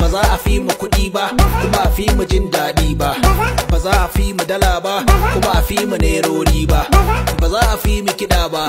ba za a fi mu kuɗi ba kuma a fi mu jin daɗi ba ba za a fi mu dala ba kuma a fi mu nerori ba ba za a fi mu kiɗa ba